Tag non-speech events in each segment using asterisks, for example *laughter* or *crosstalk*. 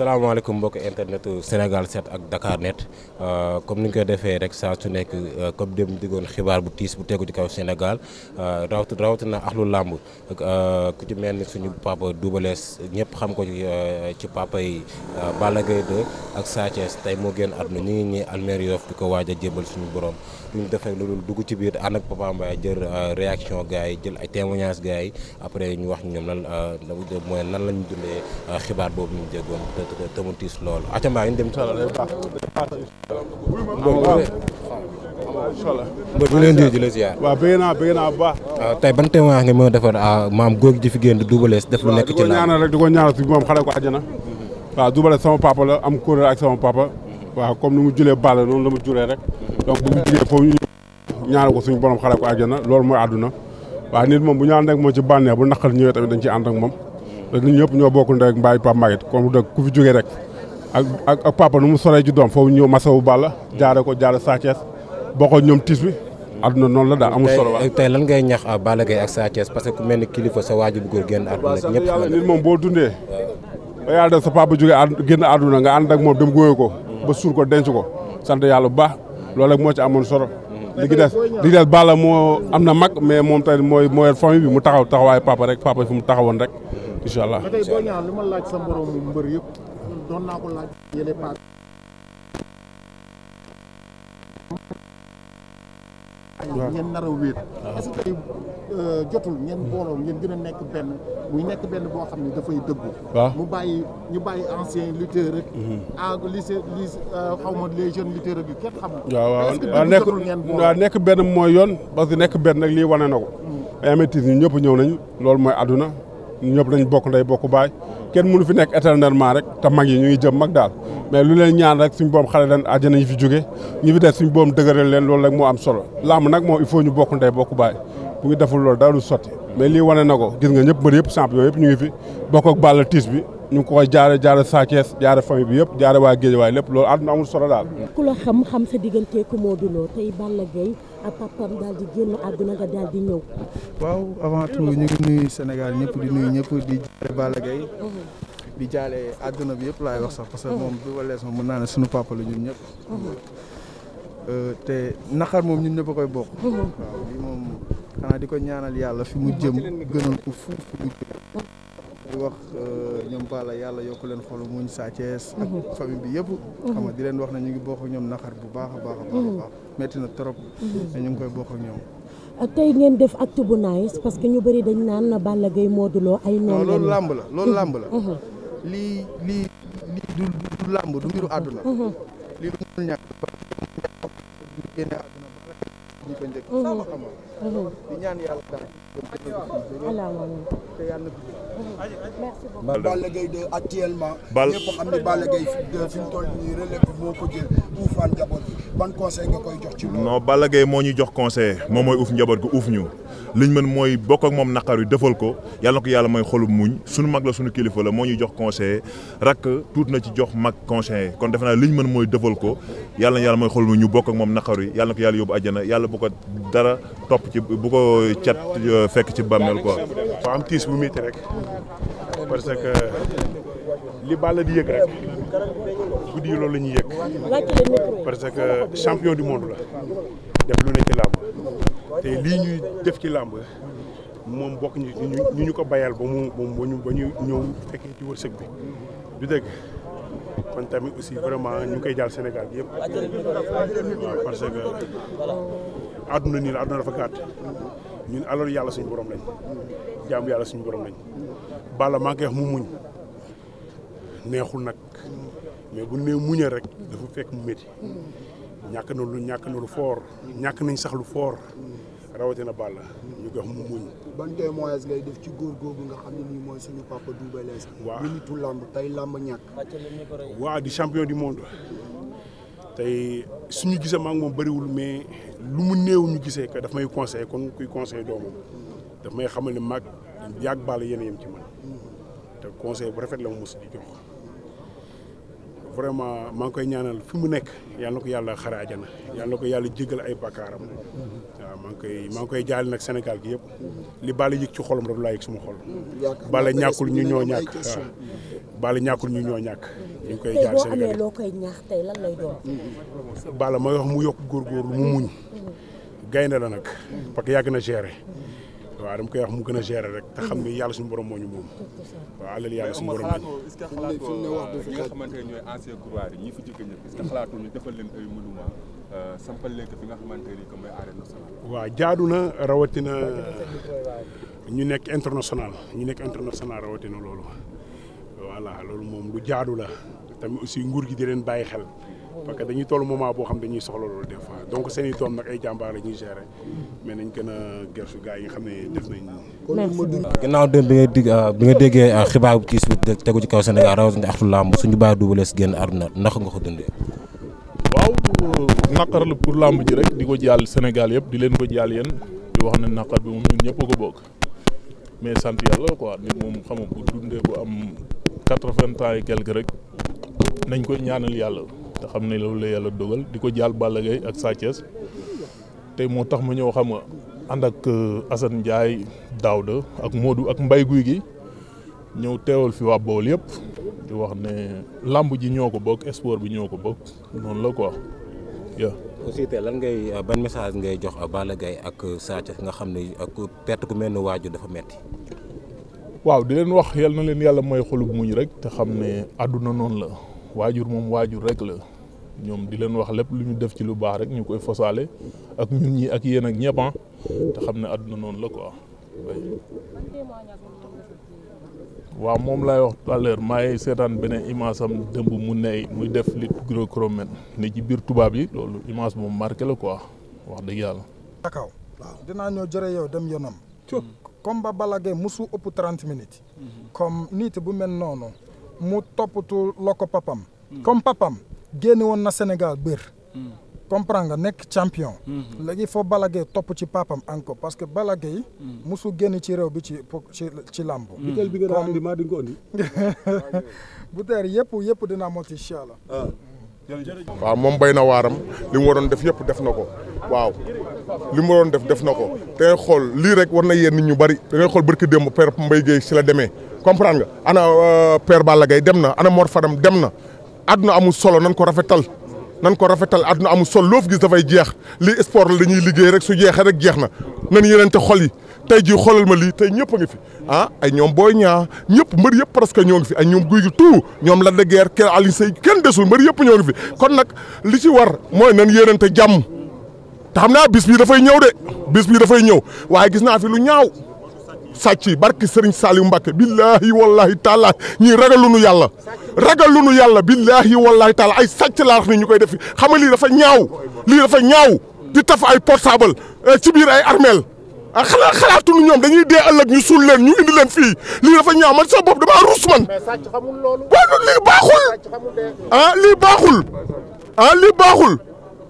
salaamaaleykum mbokk internet Sénégal set ak Dakar net euh, comme ni ñu koy defee rek saa su nekk euh, comme dem diggoon xibaar bu tiis bu tegu ci kaw Sénégal euh, rawat rawatina axlu làmb ku ci mel ni suñu papa Double Less ñëpp xam ko ci ci papa yi Balla Gaye ak Sa Thiès tey moo gën génn na ñu ngi ñii almeer Yoff di ko waaj a jébal suñu borom. lu def rek lu dul dugg ci biir ànd ak Papa Mbaye jël euh, réaction gars yi jël ay témoignages gars yi ñu wax ñoom lan euh, mooy nan la ñu dundee euh, xibaar boobu ñu jégoon te te mu tiis lool. acca mbaa ñu dem incha allah. mbër mi leen di di la ziar. waaw bëgg naa bëgg naa bu baax. tey ban témoignage nga mën a defar maam góor ji fi génn di dubalees def lu nekk ci la. waaw di ko ñaanal rek di ko ñaanal ko àjjana. waa dubalees sama papa la am kóolal ak sama papa. waaw comme ni mu julee Balla noonu la mu julee rek. donc bu ñu jigee foofu ñu ñaanal ko suñu borom xale ko àjjana loolu mooy àdduna waaye nit moom bu ñu ànd ak moom ci bànneex bu naqar ñëwee tamit dañ ci ànd ak moom ñëpp ñoo bokk ndey ak mbaay Pape Maguette ku fi jógee rek ak ak mu soree ci doom foofu ñëw masawu Balla jaare ko jaare Sa Thiès bokkoo ñoom tiis bi àdduna noonu la daal amul solo tey lan ngay ñax Balla Gaye ak Sa Thiès parce que ku kilifa sa waajur bu góor génn àdduna ñëpp yàlla moom boo dundee ba yàlla def sa papa jógee génn àdduna nga ànd ak moom dem góoyee ko ba suur ko denc ko sant yàlla baax loolu moo ci amoon solo li gi baala moo am na mag mais moom tamit mooy mooy famille bi mu taxaw taxawaayu papa rek papa fi mu taxawoon rek incha allah. sa mborom mbër yëpp doon ak ngeen nar a wéet est que tey euh, jotul ngeen booloo ngeen gën nekk benn muy nekk benn boo xam ne dafay dëggu mu bàyyi ñu bàyyi ancien lutteur rek ah mhm. lycée lycée euh, xaw ma les jeunes lutteurs rek yu kenn xamul waaw waaw nekk benn mooy yoon parce que nekk benn nag lii wane na ko ay mhm. amétis ñu ñëpp ñëw nañ loolu mooy àdduna ñëpp dañ bokk nday bokk baay kenn mënu fi nekk éternellement rek te mag yi ñu ngi jëm mag daal mais lu leen ñaan rek suñu boom xale leen àjjana ñu fi jóge ñu fi des suñu boom dëgëral leen loolu rek moo am solo làmb nag moom il faut ñu bokk nday bokk baay bu ngi deful loolu dara du sotti mais lii wane na ko gis nga ñëpp mbër yëpp champion yëpp ñu ngi fi bokk ak Balla tiis bi ñu ngi ko koy jaare jaare Sakees jaare famille bi yëpp jaare waa Géejawaay lépp loolu àdduna amul solo daal ku ak papam daal di génn àdduna nga daal di ñëw. waaw avant tout ñu ngi nuyu Sénégal ñëpp di nuyu ñëpp di jaale Balla Gaye mhm. di jaale àdduna bi yëpp laay wax sax parce que moom bi walees moom mën naa ne suñu papa la ñun ñëpp. Mhm. Euh, te naqar moom ñun ñëpp a koy bokk. Mhm. waaw lii moom di ko ñaanal yàlla fi mu jëm gënoon ko fuuf fi mu jëm. di wax euh, ñoom Balla yàlla yokk leen xolu mu Sa Thiès ak mhm. famille bi yëpp mhm. xam nga di leen wax na ñu ngi bokk ak ñoom naqar bu baax a baax a baax a mhm. baax metti na trop ñu ngi koy bokk ak ñoom euh, tey ngeen def acte bu nice parce que ñu bëri dañ naan Balla Gaye Modou Lo ay noonu loolu làmb la loolu làmb la lii lii lii du du làmb du mbiru àdduna lii du ñàkk génne àdduna ñu ko njëkk Balla Gaye 2 actuellement. Balla ñëpp xam ne Balla toll nii relève moo ko jël uufaan njaboot ban conseil nga koy jox ci loolu. non Balla moo ñuy jox conseil moom mooy uuf njaboot gi uuf ñu liñ mën mooy bokk ak moom naqar yi defal ko yàlla na ko yàlla mooy xolu muñ suñu mag la suñu kilifa la moo ñuy jox conseil rakk tuuti na ci jox mag conseil kon defe naa liñ mën mooy defal ko yàlla na yàlla mooy xolu ñu bokk ak moom naqar yi yàlla na ko yàlla yóbbu àjjana yàlla bu ko dara topp ci bu ko cat euh, fekk ci bàmmeel quoi. waaw am tiis bu métti rek parce que li Balla di yëg rek guddi yi loolu la ñuy yëg parce que champion du monde la def lu ne ci làmb te lii ñuy def ci làmb moom bokk ñu ñu ñu ko bayal ba mu ba ñu ñëw fekkee ci wërsëg bi du dëgg. kon tamit aussi vraiment ñu koy jàll Sénégal gi yëpp waaw parce que àdduna nii la àdduna dafa gàtt ñun alors yàlla suñu borom lañ jaamu yàlla suñu borom lañ bala maa ngi koy wax mu muñ neexul nag mais bu nee muñee rek dafa fekk mu métti ñàkk na lu ñàkk na lu foor ñàkk nañ sax lu foor rawatina bala ko mu muñ ban témoignage ngay def ci góor googu nga xam ne nii mooy suñu papa Double Less waaw nitu làmb tey làmb ñàkk waaw di champion du monde tey suñu gisee maa ngi moom bëriwul mais lu mu néew ñu gisee que daf may conseillé kon kuy conseillé doomam daf may xamal ni mag yàgg baal yeneen yem ci man mm-hmm. te conseil bu rafet la mu mos jox vraiment maa ngi koy ñaanal fi mu nekk yal na ko yàlla xare àjjana yal na ko yàlla jégal ay bakkaaram waaw maa ngi koy maa ngi koy jaal nag senegal gi yëpp li Balla yëg ci xolam rek laa yëg suma xol bala ñàkkul ñu ñoo ñàkk waaw ñàkkul ñu ñoo ñàkk ñu ngi koy jaal Sénégal loo koy ñaax mu yokk góor góorgóorlu mu muñ gaynde la nag parce yàgg na gere waaw dam koy wax mu gën a gérer rek te xam ni yàlla suñu borom moo ñu moom. waa alal yàlla suñu borom moo est-ce que xalaatoo euh, ñi fi jëkk ñëpp est-ce que xalaatoo ñu defal leen ay monument euh, sampal leen fi nga xamante ne que mooy arène nationale. waa jaadu na rawatina ñu nekk international ñu nekk international rawatina loolu voilà loolu moom lu jaadu la tamit aussi nguur gi di leen bàyyi xel. parce que dañuy toll moment boo xam dañuy soxla loolu des fois donc seen i doom nag ay jàmbaar la ñuy mais nañ gën a gersu gars yi nga xam ne def nañ. bi nga dig euh, bi nga déggee euh, xibaar bu tiis tegu ci kaw Sénégal rawatina axtu làmb suñu bàyyi Double Less génn àdduna naka nga ko dundee. waaw naqar la pour làmb ji rek di ko jàll Sénégal yëpp di leen ko jàll yéen di wax ne naqar bi ñëpp ko bokk mais sant yàlla quoi nit moom xam nga bu dundee bu am quatre nañ koy ñaanal yàlla. te xam ne loolu la yàlla dogal di ko jaal Balla Gaye ak Sa te moo tax ma ñëw xam nga ànd ak euh, Assane Ndiaye Daouda ak Modou ak mbay Guy gi ñëw teewal fi waa Bawol yëpp di wax ne làmb ji ñoo ko bokk espoir bi ñoo ko bokk noonu la quoi waaw. aussi tey lan ngay ban message ngay jox Balla Gaye ak Sa nga xam ne ak perte ku mel ne waajur dafa metti waaw di leen wax yal na leen yàlla mooy xolub muñ rek te xam ne àdduna noonu la waajur moom waajur rek la. ñoom di leen wax lépp lu ñu def ci lu baax rek ñu koy fosaale ak ñun ñi ak yéen ak ñëpp ah. te xam ne àdduna noonu la quoi. waaw moom laay wax tout à seetaan beneen image am dëmb mu ney muy def li gréco-romaine ni ci biir tubaab yi loolu image moom marqué la quoi wax dëgg yàlla. Takaw waaw ñoo jëre yow dem yoonam. comme ba balagee musu ëpp trente minutes. comme nit bu mel noonu mu toppatu loko papam. Mm-hmm. comme papam. génn woon na Sénégal bër hmm. comprendre nga nekk champion hmm. léegi foo Balla topp ci papam encore parce que Balla Gaye hmm. musu génn ci réew bi ci ci ci làmb butéel bi nga andi maa di nga ko andi *laughs* yëpp yëpp dinaa moti incha allah ah. waaw moom béy na waaram li mu waroon def yëpp def na ko waaw li mu waroon def def na ko te xool lii rek war na yéen nit ñu bari da ngay xool barki démb père Mbaye Guèye si la demee comprendre nga ana euh, père Balla Gaye dem na ana Mor Fadam dem na àdduna amul solo nan ko rafetal nan ko rafetal àdduna amul solo loo fi gis dafay jeex lii sport la dañuy liggéey rek su jeexee rek jeex na nan yeneen xol yi tey jii xoolal ma lii tey ñëpp a fi ah ay ñoom booy ñaa ñëpp mbër yëpp presque ñoo ngi fi ay ñoom guy gi tout ñoom la de guerre kenn Alioune Seye kenn desul mbër yëpp ñoo ngi fi kon nag li ci war mooy nan yeneen te jàmm te xam naa bis bi dafay ñëw de bis bi dafay ñëw waaye gis naa fi lu ñaaw sàcc yi barki sëriñ Saliou Mbacke billaahi wallaahi taala ñii ragaluñu yàlla ragaluñu yàlla billaahi wallaahi taala ay sàcc laa wax ni ñu koy def xam nga lii dafa ñaaw lii dafa ñaaw di taf ay portable eh, ci biir ay armeel ah xanaa xalaatuñu ñoom dañuy dee ëllëg ñu suul leen ñu indi leen fii lii dafa ñaaw man sa bopp damaa ruus man waaw lii baaxul a ah, lii baaxul a ah, lii baaxul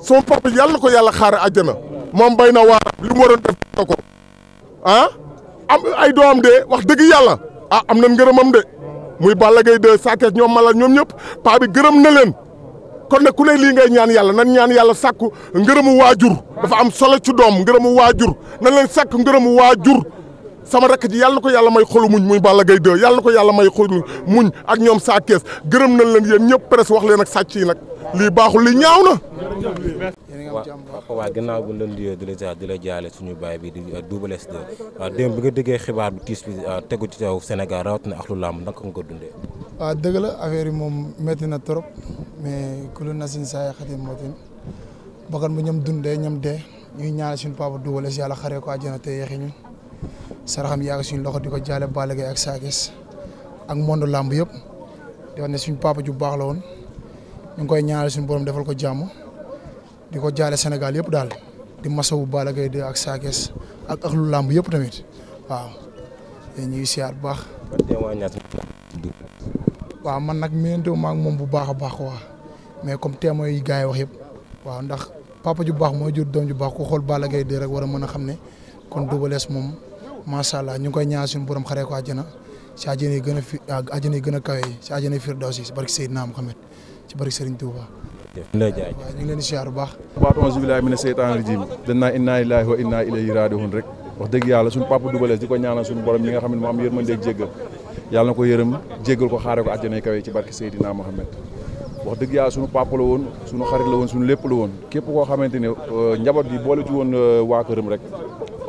sama papa yàlla na ko yàlla xaare àjjana moom bay na waar li mu waroon def ko ah? am ay doom de wax dëgg yàlla ah am nañ ngërëmam de muy Balla Gaye 2 Sa Thiès ñoom mala ñoom ñëpp paa bi gërëm na leen kon nag ku ne lii ngay ñaan yàlla nan ñaan yàlla sàkku ngërëmu waajur dafa am solo ci doom ngërëmu waajur nan leen sàkku ngërëmu waajur sama rakk ji yàlla ko yàlla may xolu muñ muy Balla gay 2 yàlla ko yàlla may xolu muñ ak ñoom Sa gërëm nañ leen yéen ñëpp presse wax leen ak sàcc yi nag lii baaxul li ñaaw na waaw waaw gannaaw bu ñu leen di suñu baay bi di euh, Double Less 2 waaw démb bi nga déggee xibaar bi tiis bi euh, tegu ci taw Sénégal ak lu làmb naka ko dundee. waaw dëgg la affaire yi moom métti na trop mais ku lu nasin saa yaxatin mootin bakkan bu ñam dundee ñam dee ñu ñaanal suñu papa Double Less yàlla xaree ko àjjana te yeexi ñu saraxam yàgg suñu loxo di ko jaale Balla Gaye ak Sa Thiès ak monde làmb yëpp di wax ne ju baax la woon ñu ngi defal ko jàmm. di ko jaale senegal yëpp daal di masawu Balla gay 2 ak Sakes ak ak lu làmb yëpp tamit waaw ñu ngi siyaar bu baax. waaw man nag miinteewu ma moom bu baax a baax quoi mais comme témoins yi gars yi wax yëpp waaw ndax papa ju baax mooy jur doom ju baax ku xool Balla gay 2 rek war a mën a xam ne kon Double Less moom macha allah ñu ngi koy ñaan suñu borom xaree ko àjjana si àjjana yi gën fi àjjana yi gën a kawe si àjjana yi Firdawsi si barke Seydina Muhammad ci barke Serigne Touba. jaajëf ñu ngi leen di siyaar bu baax baat onze billahi mina seytaan rajim dañ inna lillahi wa inna ilayhi raadihun rek wax dëgg yàlla suñu papa dubalees di ko ñaanal suñu borom mi nga xam ne mu am yërmandeeg jéggal yàlla na ko yërëm jéggal ko xaare ko àjjana kawe ci barke Seydina Mohamed wax dëgg yàlla suñu papa la woon suñu xarit la woon suñu lépp la woon képp koo xamante ne euh, njaboot bi boole ci woon euh, waa këram rek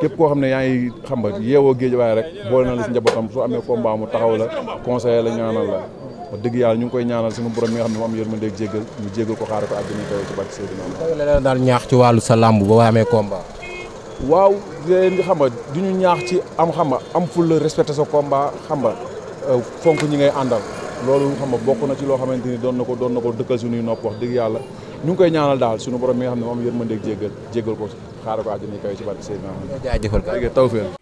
képp koo xam ne yaa ngi xam nga yeewoo géej waaye rek bool na la si njabootam su amee combat mu taxaw la conseiller la ñaanal la wax dëgg yàlla ñu ngi koy ñaanal suñu borom mi nga xam ne mu am yërmande ak jéggal jéggal ko xaaral ko àddina yi kawe ci barke Seydina Muhammad la daal ñaax ci wàllu sa waaw xam nga du ñu ñaax ci am xam nga am fulla respecté sa combat xam nga euh, fonk ñi ngay àndal loolu xam nga bokk na ci loo xamante ni doon na ko doon na ko dëkkal suñuy nopp wax yàlla ñu ngi koy ñaanal daal suñu borom mi nga xam ne moom yërmandeeg jéggal jéggal ko xaaral ko àjjana yi kawe ci barke Seydina Muhammad